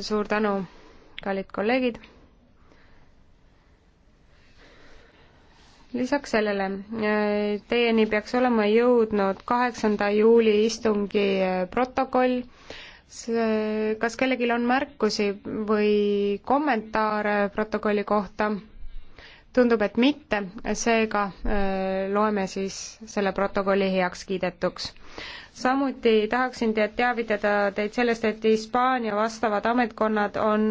suur tänu, kallid kolleegid. lisaks sellele, äh, teieni peaks olema jõudnud kaheksanda juuli istungi äh, protokoll. kas kellelgi on märkusi või kommentaare protokolli kohta? tundub, et mitte, seega äh, loeme siis selle protokolli heakskiidetuks. samuti tahaksin teid teavitada teid sellest, et Hispaania vastavad ametkonnad on